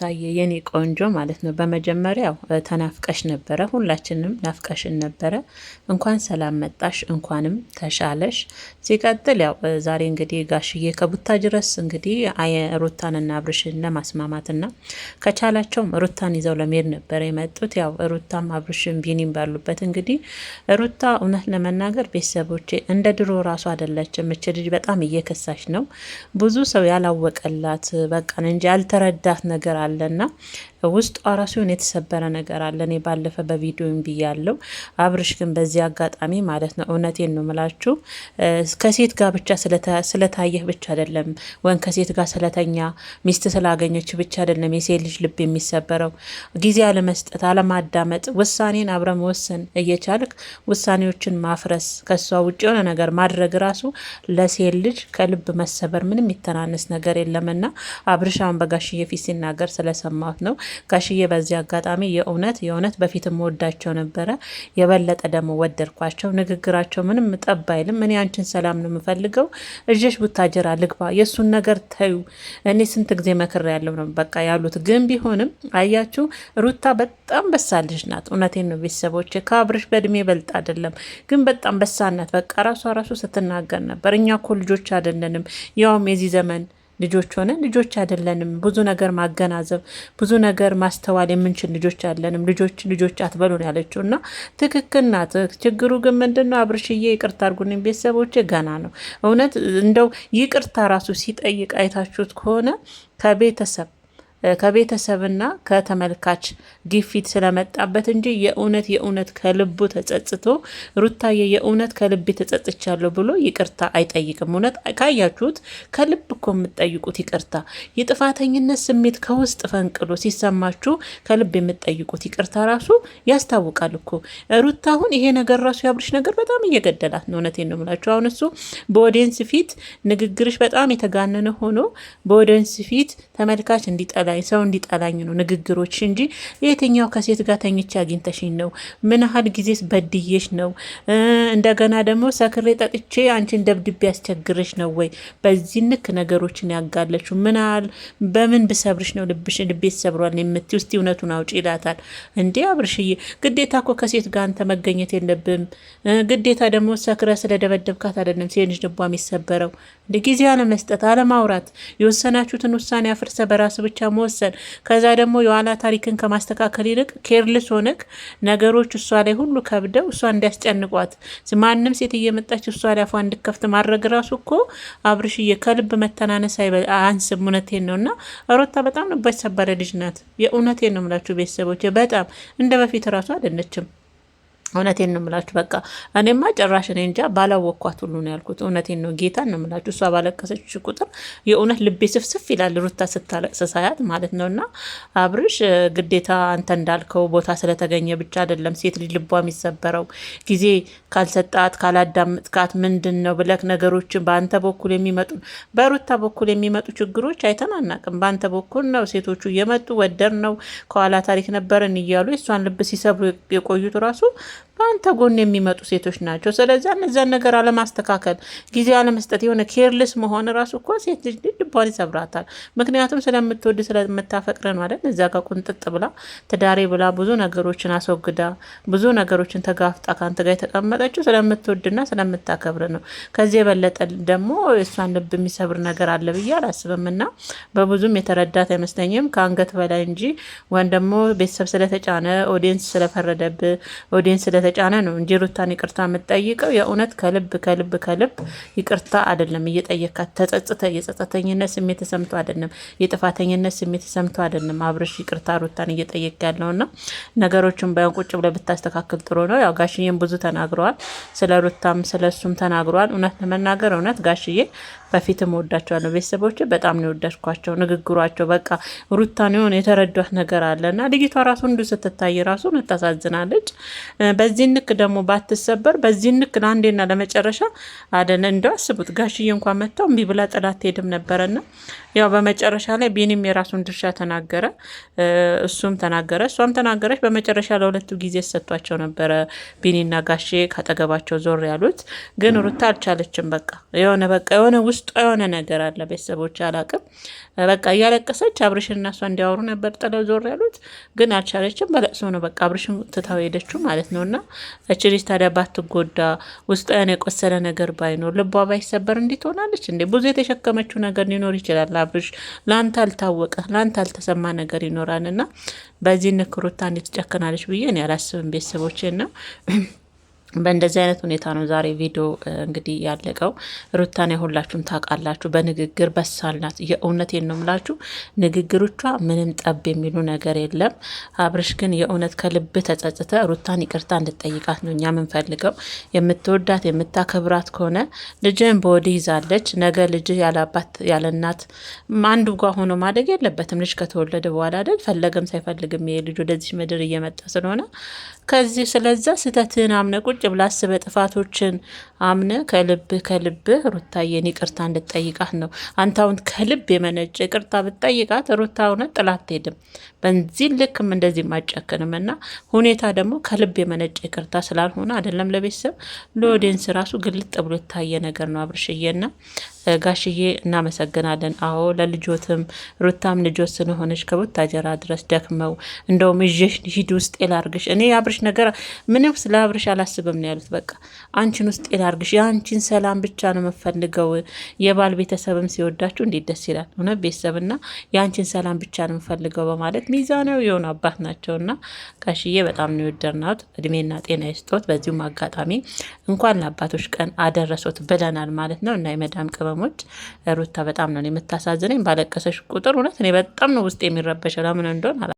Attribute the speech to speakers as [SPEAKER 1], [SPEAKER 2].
[SPEAKER 1] ታየ የኔ ቆንጆ ማለት ነው። በመጀመሪያው ተናፍቀሽ ነበረ፣ ሁላችንም ናፍቀሽን ነበረ። እንኳን ሰላም መጣሽ፣ እንኳንም ተሻለሽ። ሲቀጥል ያው ዛሬ እንግዲህ ጋሽዬ ከቡታ ድረስ እንግዲህ ሩታንና አብርሽን ለማስማማትና ከቻላቸውም ሩታን ይዘው ለመሄድ ነበረ የመጡት። ያው ሩታም አብርሽን ቢኒም ባሉበት እንግዲህ ሩታ እውነት ለመናገር ቤተሰቦቼ እንደ ድሮ ራሱ አይደለችም። እች ልጅ በጣም እየከሳሽ ነው። ብዙ ሰው ያላወቀላት በቃ እንጂ ያልተረዳት ነገር አለ አለና ውስጧ ራሱ የሆነ የተሰበረ ነገር አለ። እኔ ባለፈ በቪዲዮም ብያለው። አብርሽ ግን በዚህ አጋጣሚ ማለት ነው እውነቴን ነው ምላችሁ ከሴት ጋር ብቻ ስለታየህ ብቻ አይደለም ወይም ከሴት ጋር ስለተኛ ሚስት ስላገኘች ብቻ አይደለም የሴት ልጅ ልብ የሚሰበረው። ጊዜ አለመስጠት፣ አለማዳመጥ፣ ውሳኔን አብረ መወሰን እየቻልክ ውሳኔዎችን ማፍረስ፣ ከሷ ውጭ የሆነ ነገር ማድረግ ራሱ ለሴት ልጅ ከልብ መሰበር ምንም የሚተናነስ ነገር የለምና አብርሽ በጋሽዬ ፊት ሲናገር ስለሰማት ነው። ጋሽዬ በዚህ አጋጣሚ የእውነት የእውነት በፊትም ወዳቸው ነበረ፣ የበለጠ ደግሞ ወደድኳቸው። ንግግራቸው ምንም ጠብ አይልም። እኔ አንቺን ሰላም ነው የምፈልገው፣ እዥሽ ቡታጀራ ልግባ፣ የእሱን ነገር ተዩ፣ እኔ ስንት ጊዜ መክር ያለው ነው በቃ ያሉት። ግን ቢሆንም አያችሁ ሩታ በጣም በሳልሽ ናት። እውነቴን ነው ቤተሰቦች፣ ከአብርሽ በእድሜ በልጥ አይደለም፣ ግን በጣም በሳናት። በቃ ራሷ ራሱ ስትናገር ነበር እኛ ኮ ልጆች አይደለንም ያውም የዚህ ዘመን ልጆች ሆነን ልጆች አይደለንም። ብዙ ነገር ማገናዘብ፣ ብዙ ነገር ማስተዋል የምንችል ልጆች አይደለንም። ልጆች ልጆች አትበሉ ነው ያለችው እና ትክክል ናት። ችግሩ ግን ምንድን ነው አብርሽዬ፣ ይቅርታ አድርጉልኝ ቤተሰቦቼ፣ ገና ነው እውነት እንደው ይቅርታ ራሱ ሲጠይቅ አይታችሁት ከሆነ ከቤተሰብ ከቤተሰብና ከተመልካች ግፊት ስለመጣበት እንጂ የእውነት የእውነት ከልቡ ተጸጽቶ ሩታዬ የእውነት ከልቤ ተጸጽቻለሁ ብሎ ይቅርታ አይጠይቅም። እውነት ካያችሁት ከልብ እኮ የምትጠይቁት ይቅርታ የጥፋተኝነት ስሜት ከውስጥ ፈንቅሎ ሲሰማችሁ ከልብ የምትጠይቁት ይቅርታ ራሱ ያስታውቃል እኮ ሩታ። አሁን ይሄ ነገር ራሱ ያብርሽ ነገር በጣም እየገደላት ነው። እውነቴን ነው የምላችሁ። አሁን እሱ በኦዲየንስ ፊት ንግግርሽ በጣም የተጋነነ ሆኖ በኦዲየንስ ፊት ተመልካች እንዲጠላ እንዲጠላኝ ሰው እንዲጠላኝ ነው ንግግሮች እንጂ የትኛው ከሴት ጋር ተኝቼ አግኝተሽኝ ነው? ምን ያህል ጊዜስ በድዬሽ ነው? እንደገና ደግሞ ሰክሬ ጠጥቼ አንቺን ደብድቤ ያስቸግርሽ ነው ወይ? በዚህ ንክ ነገሮችን ያጋለችው ምን ያህል በምን ብሰብርሽ ነው ልብሽ ልቤት ሰብሯል የምት ውስጥ እውነቱን አውጪ ይላታል። እንዴ አብርሽዬ፣ ግዴታ እኮ ከሴት ጋር አንተ መገኘት የለብም ግዴታ ደግሞ ሰክረ ስለደበደብካት አይደለም ሴት ልጅ ልቧ የሚሰበረው። ጊዜ አለመስጠት፣ አለማውራት፣ የወሰናችሁትን ውሳኔ አፍርሰ በራስ ብቻ መወሰን፣ ከዛ ደግሞ የኋላ ታሪክን ከማስተካከል ይልቅ ኬርልስ ሆነክ ነገሮች እሷ ላይ ሁሉ ከብደው እሷ እንዲያስጨንቋት ማንም ሴት እየመጣች እሷ ላይ አፏ እንድከፍት ማድረግ ራሱ እኮ አብርሽዬ ከልብ መተናነስ አንስም። እውነቴን ነው እና ሮታ በጣም ነው የሰበረ ልጅ ናት። የእውነቴን ነው የምላችሁ ቤተሰቦች፣ በጣም እንደ በፊት ራሱ አይደለችም። እውነቴን ነው የምላችሁ። በቃ እኔማ ጭራሽ እኔ እንጃ ባላወኳት ሁሉ ነው ያልኩት። እውነቴን ነው ጌታ ነው የምላችሁ። እሷ ባለቀሰች ቁጥር የእውነት ልቤ ስፍስፍ ይላል፣ ሩታ ስሳያት ማለት ነው። እና አብርሽ ግዴታ አንተ እንዳልከው ቦታ ስለተገኘ ብቻ አይደለም ሴት ልጅ ልቧ የሚሰበረው። ጊዜ ካልሰጣት ካላዳምጥካት ምንድን ነው ብለክ ነገሮችን በአንተ በኩል የሚመጡ በሩታ በኩል የሚመጡ ችግሮች አይተናናቅም። በአንተ በኩል ነው ሴቶቹ እየመጡ ወደር ነው ከኋላ ታሪክ ነበረን እያሉ እሷን ልብ ሲሰብሩ የቆዩት ራሱ በአንተ ጎን የሚመጡ ሴቶች ናቸው። ስለዚያ እነዚያን ነገር አለማስተካከል፣ ጊዜ አለመስጠት፣ የሆነ ኬርልስ መሆን ራሱ እኮ ሴት ልጅ ልቧን ይሰብራታል። ምክንያቱም ስለምትወድ ስለምታፈቅረ ነው አይደል? እዚያ ጋር ቁንጥጥ ብላ ትዳሬ ብላ ብዙ ነገሮችን አስወግዳ ብዙ ነገሮችን ተጋፍጣ ከአንተ ጋር የተቀመጠችው ስለምትወድና ስለምታከብር ነው። ከዚህ የበለጠ ደግሞ እሷን ልብ የሚሰብር ነገር አለ ብዬ አላስብም። እና በብዙም የተረዳት አይመስለኝም ከአንገት በላይ እንጂ ወይም ደግሞ ቤተሰብ ስለተጫነ ኦዲንስ ስለፈረደብ ኦዲንስ ስለተጫነ ነው እንጂ ሩታን ይቅርታ የምጠይቀው የእውነት ከልብ ከልብ ከልብ ይቅርታ አይደለም እየጠየካት ተጸጽተ የጸጸተኝነት ስሜት ተሰምቶ አይደለም የጥፋተኝነት ስሜት ተሰምቶ አይደለም አብርሽ ይቅርታ ሩታን እየጠየቅ ያለውና ነገሮችን ባይሆን ቁጭ ብለህ ብታስተካክል ጥሩ ነው። ያው ጋሽዬም ብዙ ተናግረዋል፣ ስለ ሩታም ስለ እሱም ተናግረዋል። እውነት ለመናገር እውነት ጋሽዬ በፊትም ወዳቸዋለሁ። ቤተሰቦች በጣም ነው የወደድኳቸው፣ ንግግሯቸው በቃ ሩታን የሆነ የተረዷት ነገር አለ እና ልጅቷ ራሱ እንዱ ስትታይ ራሱ ታሳዝናለች። በዚህ ንክ ደግሞ ባትሰበር፣ በዚህ ንክ ለአንዴና ለመጨረሻ አደነ እንደ አስቡት ጋሽዬ እንኳን መጥተው እምቢ ብላ ጥላት ሄድም ነበረና ያው በመጨረሻ ላይ ቢኒም የራሱን ድርሻ ተናገረ፣ እሱም ተናገረ፣ እሷም ተናገረች። በመጨረሻ ለሁለቱ ጊዜ ሰጥቷቸው ነበረ ቢኒና ጋሼ ካጠገባቸው ዞር ያሉት ግን ሩታ አልቻለችም። በቃ የሆነ በቃ የሆነ ውስጥ ውስጧ የሆነ ነገር አለ። ቤተሰቦች አላቅም። በቃ እያለቀሰች አብርሽን እና እሷ እንዲያወሩ ነበር ጥለው ዞር ያሉት፣ ግን አልቻለችም። በለቅሶ ነው በቃ አብርሽን ትታው ሄደችው ማለት ነው። እና እች ልጅ ታዲያ ባትጎዳ ውስጧ የሆነ የቆሰለ ነገር ባይኖር ልቧ ባይሰበር እንዲት ሆናለች እንዴ? ብዙ የተሸከመችው ነገር ሊኖር ይችላል። አብርሽ ለአንተ አልታወቀ ለአንተ አልተሰማ ነገር ይኖራል እና በዚህ ንክሩታ እንዴት ትጨክናለች ብዬ እኔ አላስብም ቤተሰቦቼ ነው በእንደዚህ አይነት ሁኔታ ነው ዛሬ ቪዲዮ እንግዲህ ያለቀው። ሩታን የሁላችሁም ታውቃላችሁ። በንግግር በሳልናት የእውነት የእውነቴን ነው ምላችሁ። ንግግሮቿ ምንም ጠብ የሚሉ ነገር የለም። አብርሽ ግን የእውነት ከልብ ተጸጽተ ሩታን ይቅርታ እንድጠይቃት ነው እኛ የምንፈልገው። የምትወዳት የምታከብራት ከሆነ ልጅን በወዲህ ይዛለች። ነገ ልጅ ያለአባት ያለእናት አንዱ ጓ ሆኖ ማደግ የለበትም። ልጅ ከተወለደ በኋላ አይደል ፈለገም ሳይፈልግም ይሄ ልጅ ወደዚህ ምድር እየመጣ ስለሆነ ከዚህ ስለዛ ስህተትህን አምነቁ ቁጭ ብላ አስበ ጥፋቶችን አምነ ከልብህ ከልብህ ሩታዬን ይቅርታ እንድጠይቃት ነው። አንታውን ከልብ የመነጨ ይቅርታ ብጠይቃት ሩታ እውነት ጥላት ሄድም በዚህ ልክም እንደዚህ አይጨክንም እና ሁኔታ ደግሞ ከልብ የመነጨ ይቅርታ ስላልሆነ አይደለም ለቤተሰብ ለወዴንስ ራሱ ግልጥ ብሎ የታየ ነገር ነው አብርሽዬና ጋሽዬ እናመሰግናለን። አዎ ለልጆትም ሩታም ልጆት ስለሆነች ከቡታጀራ ድረስ ደክመው እንደውም እዥሽ ሂድ ውስጥ ላርግሽ እኔ የአብርሽ ነገር ምንም ስለ አብርሽ አላስብም ነው ያሉት። በቃ አንቺን ውስጥ ላርግሽ የአንቺን ሰላም ብቻ ነው የምፈልገው። የባል ቤተሰብም ሲወዳችሁ እንዴት ደስ ይላል። እውነት ቤተሰብና የአንቺን ሰላም ብቻ ነው የምፈልገው በማለት ሚዛናዊ የሆኑ አባት ናቸው። ናቸውና ጋሽዬ በጣም ነው የወደድናት። እድሜና ጤና ይስጦት። በዚሁም አጋጣሚ እንኳን ለአባቶች ቀን አደረሶት ብለናል ማለት ነው እና የመዳም ቅመም ቅመሞች ሩታ በጣም ነው የምታሳዝነኝ። ባለቀሰሽ ቁጥር እውነት እኔ በጣም ነው ውስጥ የሚረበሸው ለምን እንደሆን